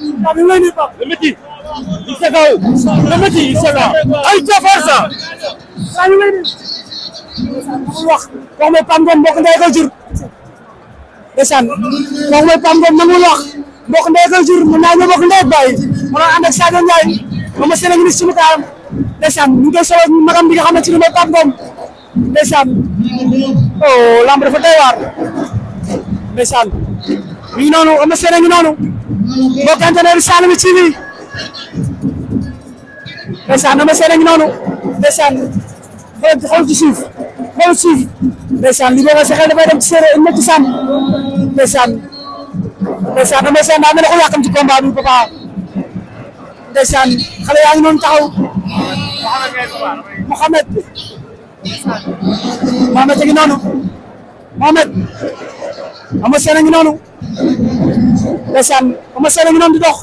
Le métier, il sait pas où. Le métier, il sait pas. Ay ca Forza. wax wax ma Pam Ngom mbokk ndey ko jur. ndeysaan wax ma Pam Ngom nangul wax mbokk ndey naa ñëw mbokk ndey bàyyi ma ànd ak Sadio Ndiaye ma ma mu taaram ndeysaan ñu koy solo magam bi nga xam ne ci lu may Pam Ngom ndeysaan oh lamb dafa doy waar ndeysaan ñu noonu am na seen ngi noonu mbokk internet Saloum TV ndeysaan na ma seen ak noonu ndeysaan xool ci suuf xool suuf ndeysaan li booba sa xel dafay dem ci séeréer une ci sànn ndeysaan ndeysaan na ma seen daa mel ne ko yàqam ci combat xale yaa ngi noonu taxaw Mohamed Mohamed a ngi noonu Mohamed ama seen a noonu ndeysaan ama seen a ngi noonu dox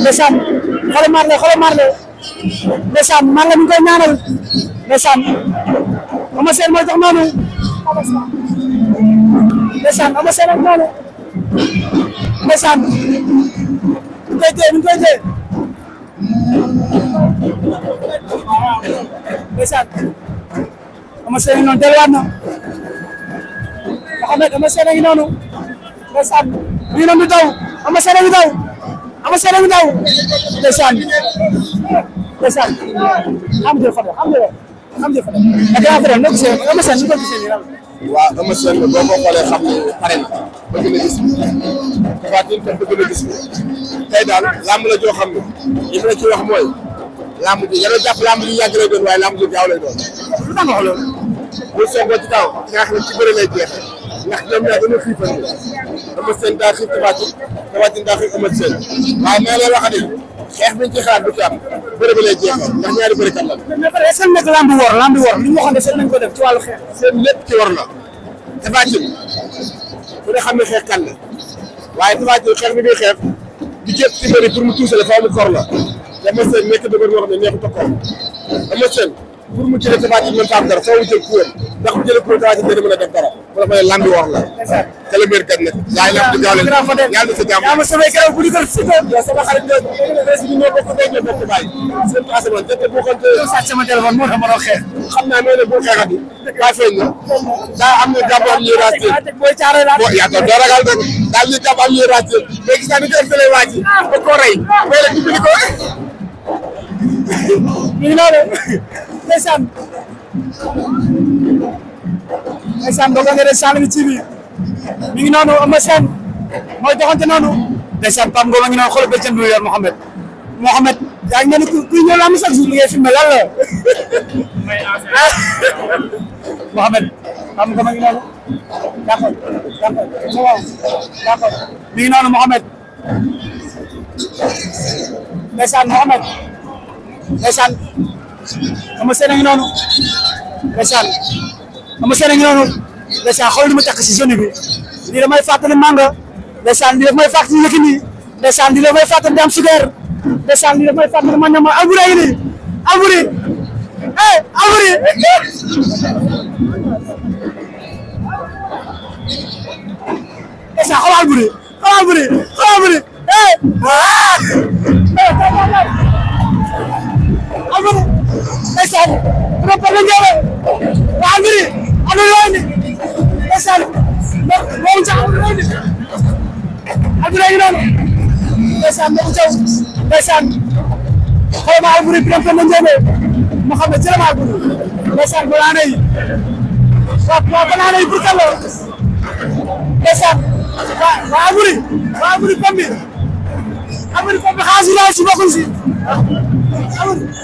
ndeysaan xoolal Marley xoolal Marley ndeysaan Marley mi ngi koy ñaanal ndeysaan noonu ndeysaan ama seen noonu ndeysaan mi ngi koy téye mi ngi koy noonu delluwaat Mouhamed Eumeu Sène a ngi noonu ndeysaan ñu noonu di daw Eumeu Sène a ngi daw Eumeu Sène a ngi daw ndeysaan ndeysaan am jël Fadel pare na bëgg na gis na gis tey daal làmb la joo xam ne li ma la ci wax mooy làmb ji yàlla jàpp làmb doon waaye làmb ji doon lu tax nga ñu soog ba ci kaw nga xam ne ci bëre lay jeex ndax ñoom ñaar dañoo xiifante dama seen daa xiif Tapha Tine Tapha Tine daa xiif Eumeu na wax ni xeex biñ ci xalaat du ci am bëre bi lay jeexee ndax ñaari bëre kan la. mais pare est-ce ne seen nañ ko def ci wàllu xeex. seen lépp ci war na bu ne xam ne xeex kan la waaye Tapha Tine xeex bi muy xeex di jëpp ci bëri pour mu tuusale faaw mu kor la Eumeu Sène nekk dëgër boo xam ne neexut a kor pour mu jëlee Tapha Tine mën faa am dara foo mu jël kuréel ndax mu jëlee kuréel Tapha Tine dina mën a def dara bu la mayee lambi wax la. te le maire kat nag. yaa ngi am jaawle yàlla na sa jàmm. yaa ma sama keroog bu ñu ko si doon. yow sama xarit nga ñu ñoo bokk béy ñoo bokk bàyyi. seen asamaan te te boo xam te. yow sàcc sama téléphone moo tax ma doon xeex. xam naa nee na boo xeexati. daa feeñ na. daa am ñu jàpp am ñuy raas teel. boo caaree daal boo yaa ko doo ragal nag. daal ñu jàpp am ñuy raas teel. mais gis naa ni ko ëpp lay waaj ba ah. koo rey. Ah. mais nag dimbali ko mi ngi noonu ndeysaan ndeysaan doog nga de Saint-Louis TV mi ngi noonu Eumeu Sène mooy doxante noonu a ngi bi yor Mouhamed Mouhamed yaa ngi mel ni kuy ñëw laa am ndeysaan ama seen a ngi noonu ndeysaan ama seen a ngi noonu ndeysaan xool nu ma takk si zone bi lii damay fàttali manga ndeysaan lii daf may fàttali Yékini ndeysaan lii daf may fàttali Dame Sugar ndeysaan lii daf may fàttali man ma Alboury a ngi nii Alboury eh Alboury ndeysaan xool Alboury xool Alboury xool Alboury eh. ah! eh, amara ndeysaan waa mbiri ana looy ni ndeysaan boobu ca am looy ni albure ngi noonu ndeysaan boobu caw xam ba naanay waaw waaw ba naanay pour kan la ndeysaan waa waa albure waa albure pambi albure pambi xaalis bi laa si bokkul si albure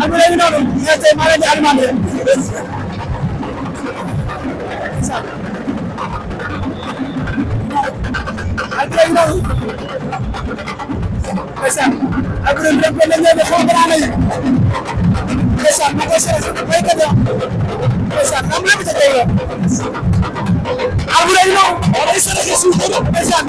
ak léegi noonu tey maa leen di alimenté ak léegi noonu ndeysaan ak ren rek ba léeg-léeg de xaw ma daan a yëg ndeysaan ma koy séeréer béykat yi ndeysaan am lépp ca kaw la. albuda yi noonu wax day saraxe suukar ndeysaan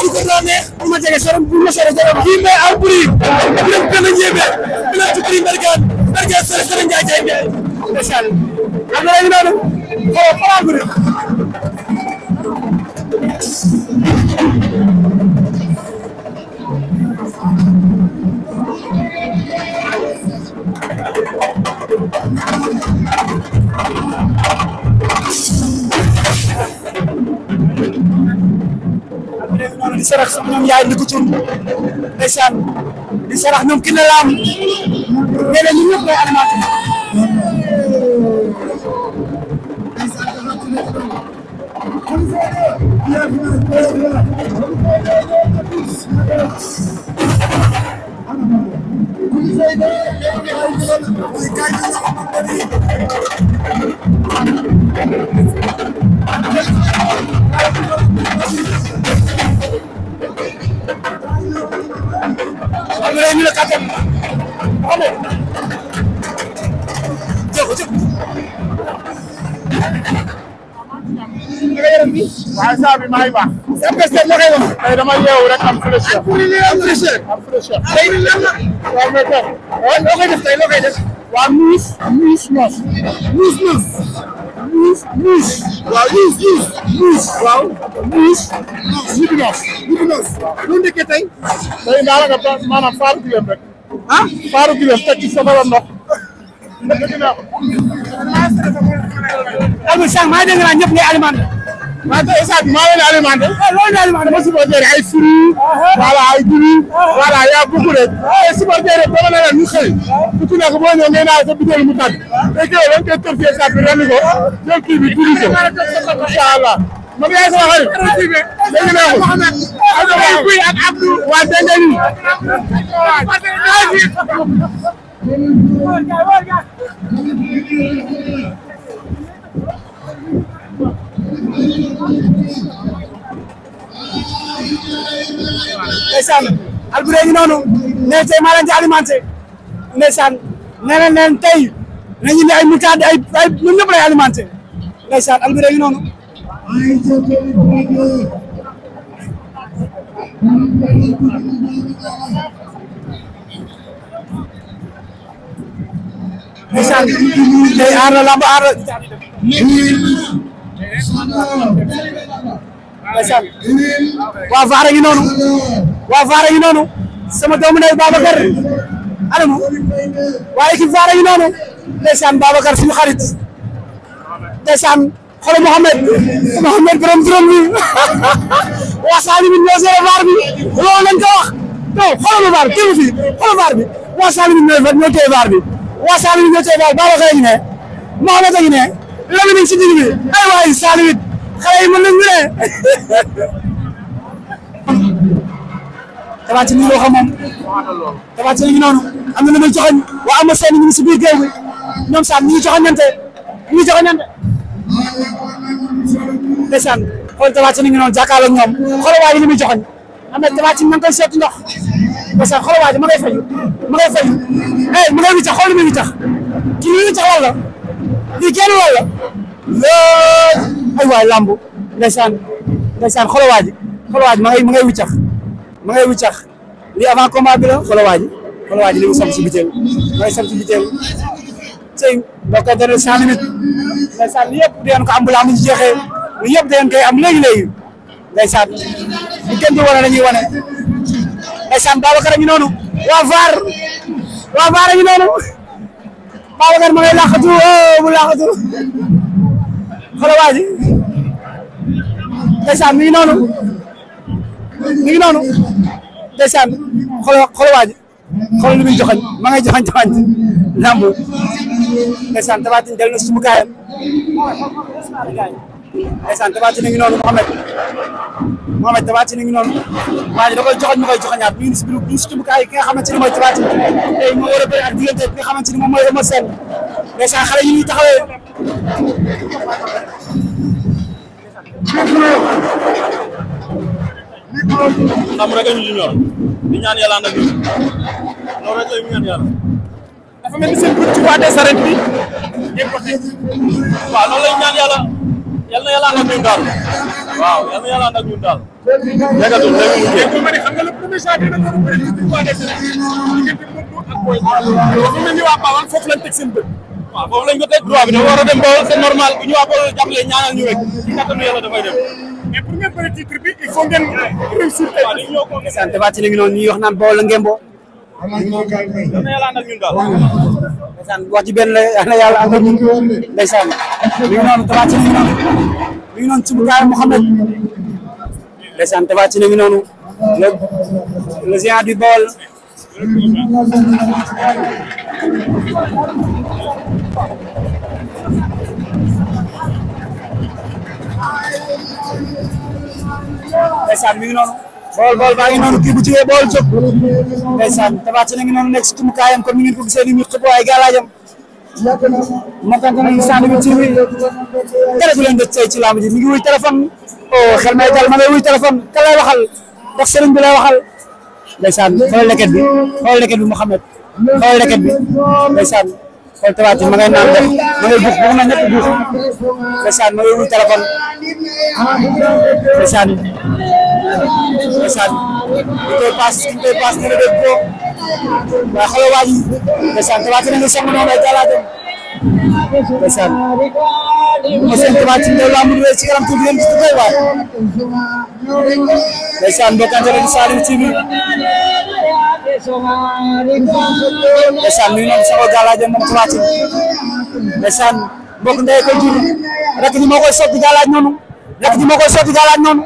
suukar daa neex bu ma jege sorom bu ma sore jarom kii mbay aw buri bu leen gën a ñebe bu leen tukkiri mbergaan mbergaan sore sore njaay jaay njaay ndeysaan albuda yi noonu xoolal xoolal bu di sarax sama ñoom yaay ndi ko cun di sarax ñoom ki ne laam nee na ñu Thank you. waaw saa bi maa ngi baax. MPST la koy wax. tey dama yeewu rek am fraîcheur. am fraîcheur am fraîcheur. tey lan la. waaw mais tey. waaw loo koy def tey loo koy def. waaw muus. muus noos. muus noos. muus muus. waaw muus muus. muus waaw. muus. noos ñibbi noos. ñibbi noos. waaw loolu dëkk tey. tey daanaka maanaam faaru gileem rek. ah faaru gileem teg ci sama ndox. dëgg la. alhamdulilah maa ngi dégg naa ñëpp ngay alimenté. maa ngi koy bi maa leen alimenté. loolu la alimenté ma supporter ay fruits. Uh-huh. voilà ay dugub. Uh-huh. voilà y' a beaucoup de. te supporter rek dama ne la ñu xëy. ku ci nekk boo ñëwee ngay naan sa butéel mu tàgg. te kii dañ koy tortillé saak bi ràññi ko. jël kii bi dugg ko. incha allah. man yaay sama xarit. dégg naa ko. ak Abdou ak Abdou. waa dégg nga nii. waaw. ndeysaan Alboury ngi noonu ne tey maa leen di nee tey nañu ne ay mutaade ay ay ñun ñëpp lay alimenté ndeysaan noonu. ndeysaan waa Vaara ngi noonu waa Vaara ngi sama doomu ndey Babacar anamu waa équipe Vaara ngi noonu ndeysaan Babacar suñu xarit ndeysaan xoolal Mouhamed Mouhamed borom turam bi waa Sani bi ñoo seere Vaar bi loolu lañ ko wax non xoolal Vaar bi teewu fi xoolal Vaar bi waa Sani bi ñoo ñoo téye bi waa Sani bi ñoo téye Vaar Babacar a ngi ne Mouhamed loolu mi ngi si digg bi ay waay Saliou it xale yi mën nañu ne Tapha Tine loo xam moom Tapha Tine ngi noonu am na lu muy joxoon waa Ama Sène ñu ngi si biir géew gi ñoom sax ñu ngi joxoñante ñu ngi joxoñante ndeysaan xool Tapha Tine ngi noonu jàkkaarloo ñoom xoolal waa ji li joxoñ am na Tapha Tine ma ngi koy seet ndox parce que xoolal waa ji ma ngay fayu ma ngay fayu eh ma ngay wiccax xool mi wiccax kii li wiccax walla lii kenn walla ay waay lamb ndeysaan ndeysaan xoolal waa ji xoolal waa ji ma ngay ma ngay wiccax ma ngay wiccax lii avant combat bi la xoolal waa ji xoolal waa ji li mu sam si biteel ma ngay sam si biteel tey doo koy ji jeexee li yëpp dangeen koy am léegi-léegi ndeysaan bu kenn di wane dañuy wane ndeysaan Babacar a ngi noonu waa VAR waa a noonu Babacar ma ngay laqatu bu oh, laqatu xoolal waa ji ndeysaan mi ngi noonu mi ngi noonu ndeysaan xoolal xoolal waa ji xoolal li muy joxañ ma ngay joxañ joxañ làmb ndeysaan Tapha Tine dellu na suñu gaayam ndeysaan Tapha Tine ngi noonu Mohamed Mohamed Tapha Tine ngi noonu waa ji da koy joxañ ma koy joxañaat mi ngi si biir biir suñu gaay ki nga xamante ni mooy Tapha ak diggante bi nga xamante ni moom mooy Eumeu Sène ndeysaan xale yi ndam a ñu ñor di ñaan yàlla ànd ak ñun loolu ñaan yàlla. dafa mel ni seen bët ci waa des arènes bi waaw loolu la ñaan yàlla yal na yàlla ànd daal waaw yal na yàlla ànd ak daal. yàggatul day mujjee. mais xam nga le premier changement dina ni waa Bawal foofu lañ teg seen bët. waaw foofu lañ ko teg droit bi a dem ba Bawol jàppale ci kattanu yàlla ñuy wax naan Bawol la ngemboo. dana yàlla ànd ak ñun daal. ndeysaan wax ci benn la yàlla yàlla ànd ak ñun ndeysaan mi ngi noonu Tapha Tine ngi ndeysaan mi ngi noonu bool bool baa ngi noonu kii bu ci bool jóg ndeysaan tabaati na ngi noonu nekk si tumukaayam comme ni ngeen ko gisee ni muy xëppoo ay galaajam mokkante nañu sànni bi ci biir dara du leen dëj tey ci làmb ji mi ngi wuy téléphone oh xel may dal ma lay wuy téléphone ka lay waxal ndax sëriñ bi lay waxal ndeysaan xool leket bi xool leket bi Mouhamed xool leket bi ndeysaan xool tabaat yi ma ngay naan def ma ngay buuf bu ma ñetti buuf ndeysaan ma ngay wuy téléphone ndeysaan ndeysaan ñu koy paas ñu koy paas ñu ne def ko waaye xoolal waa ji ndeysaan tabaat yi nga song noonu ay jàllaatam ndeysaan ma seen tabaat yi ndaw laa mun wee ci kanam tuuti yéen ci koy waay ndeysaan mbokkante rek Saliou TV ndeysaan mi ngi noonu sama gàllaaj moom Tapha Tine ndeysaan mbokk ndey ko jur rek ni moo koy sotti gàllaaj noonu rek ni moo koy sotti gàllaaj noonu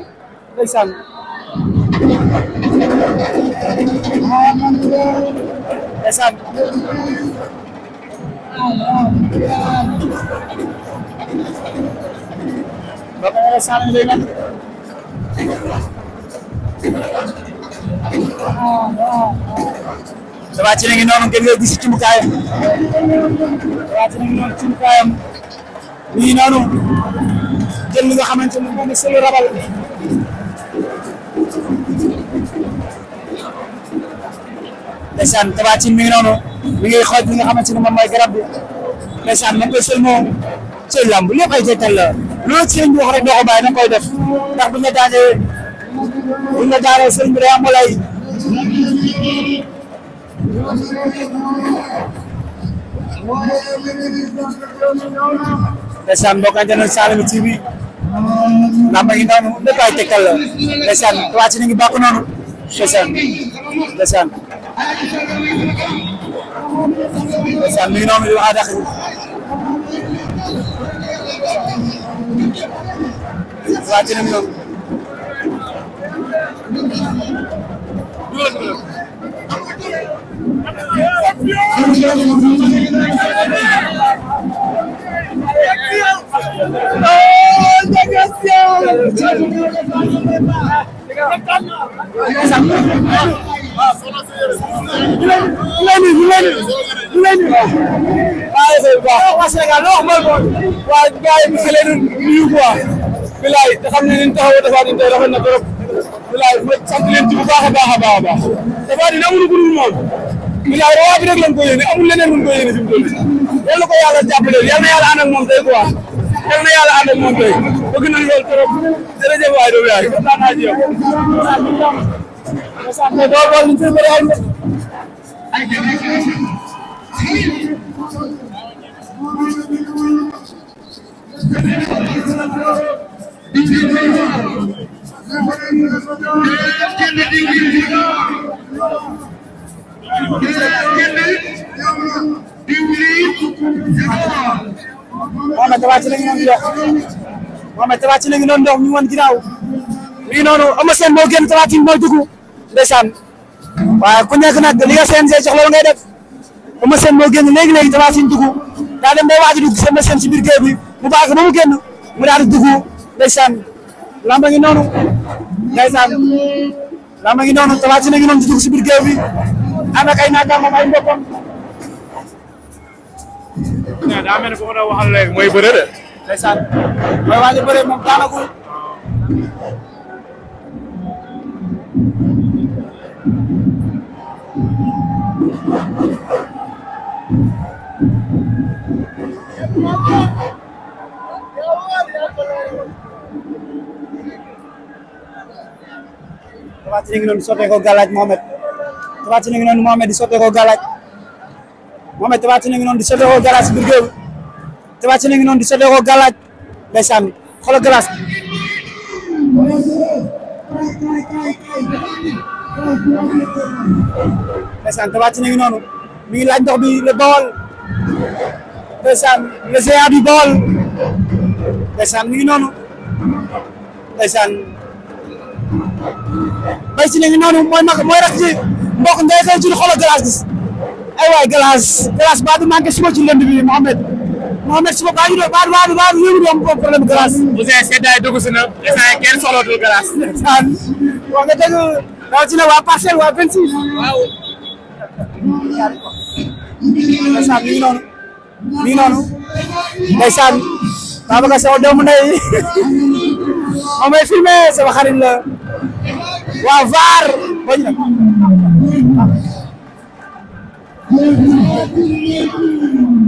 ndeysaan ndeysaan ba pare ndeysaan Tapha Tine ngi noonu ngeen ngay gis cumukaayam Tapha Tine noonu cumukaayam mi noonu jël li nga xamante ne moom selu rabal ndeysaan Tapha Tine mi ngi noonu mi xooj li nga xamante ne moom mooy garab bi ndeysaan nañ koy sël moom ci lamb lépp ay tegtal la loolu ci lañ wax rek doo ko bàyyi koy def ndax bu ñu daanee buñ la jaaree sëriñ bi day am wala yi ndeysaan mbokk internet Saloum TV ndax ma ngi noonu ay tegtal la ndeysaan wàcc na ngi bàkk noonu ndeysaan ndeysaan ndeysaan mi ngi noonu di wax a dàq wàcc noonu waaw gars yi ñu xale nu nuyu quoi bilaay te xam ne ni ñu taxawoo dafa ñu tey rafet na trop bilaay sant leen ci bu baax a baax a baax a baax dafa dina amul gudul moom bilaay rawaa bi rek lañ ko yéene amul leneen luñ ko yéene fi mu toll yàlla ko yàlla jàppale yàlla na yàlla ànd ak moom tey quoi yàlla na yàlla ànd ak moom tey bëgg nañ lool trop jërëjëf waay doomu yaay kontaan naa ci yow Thank you. Mohamed Tapha Tine ngi noonu dox Mohamed Tapha Tine ngi noonu dox ñu wan ginnaaw mi ngi noonu Eumeu Sène moo génn Tapha Tine moo dugg ndeysaan waaye ku nekk nag li nga CNG jox loolu ngay def Eumeu Sène moo génn léegi léegi Tapha Tine dugg daa dem day waaj a dugg seen Eumeu Sène ci biir géej bi mu baax ba mu génn mu daal di dugg ndeysaan lamba ngi noonu. ndeysaan laa ma ngi noonu Tapha Tine ngi noonu dugg si biir géew bi ànd ak ay naataangoom ay ku ma doon waxal léegi mooy bëre de. ndeysaan mooy waaj a moom daanaka. Tapha Tine ngi noonu sottee ko galaaj Mohamed Tapha Tine ngi noonu Mohamed di sottee ko galaaj Mohamed Tapha Tine ngi noonu di sottee ko galaaj si biir géew Tapha Tine ngi noonu di sottee ko galaaj ndeysaan xoolal galaaj ndeysaan Tapha Tine ngi noonu mi ngi laaj ndox bi le Bawol ndeysaan le géant Bawol ndeysaan mi ngi noonu ndeysaan bay si ngi noonu mooy mag mooy rek ci mbokk ngay xëy ci xolo glace ay waay glace glace baa du manqué suba ci lënd bi Mohamed Mohamed suba baa du baa du baa du baa du yëngu problème glace Ouzin seddaay dugg si na instant kenn solootul glace saan wax nga dëgg rawatina waa parcelle waa vingt six waaw ndeysaan mi noonu mi noonu ndeysaan Babacar Sow doomu ndey moom mooy filmé sama xarit la waa VAR bañ na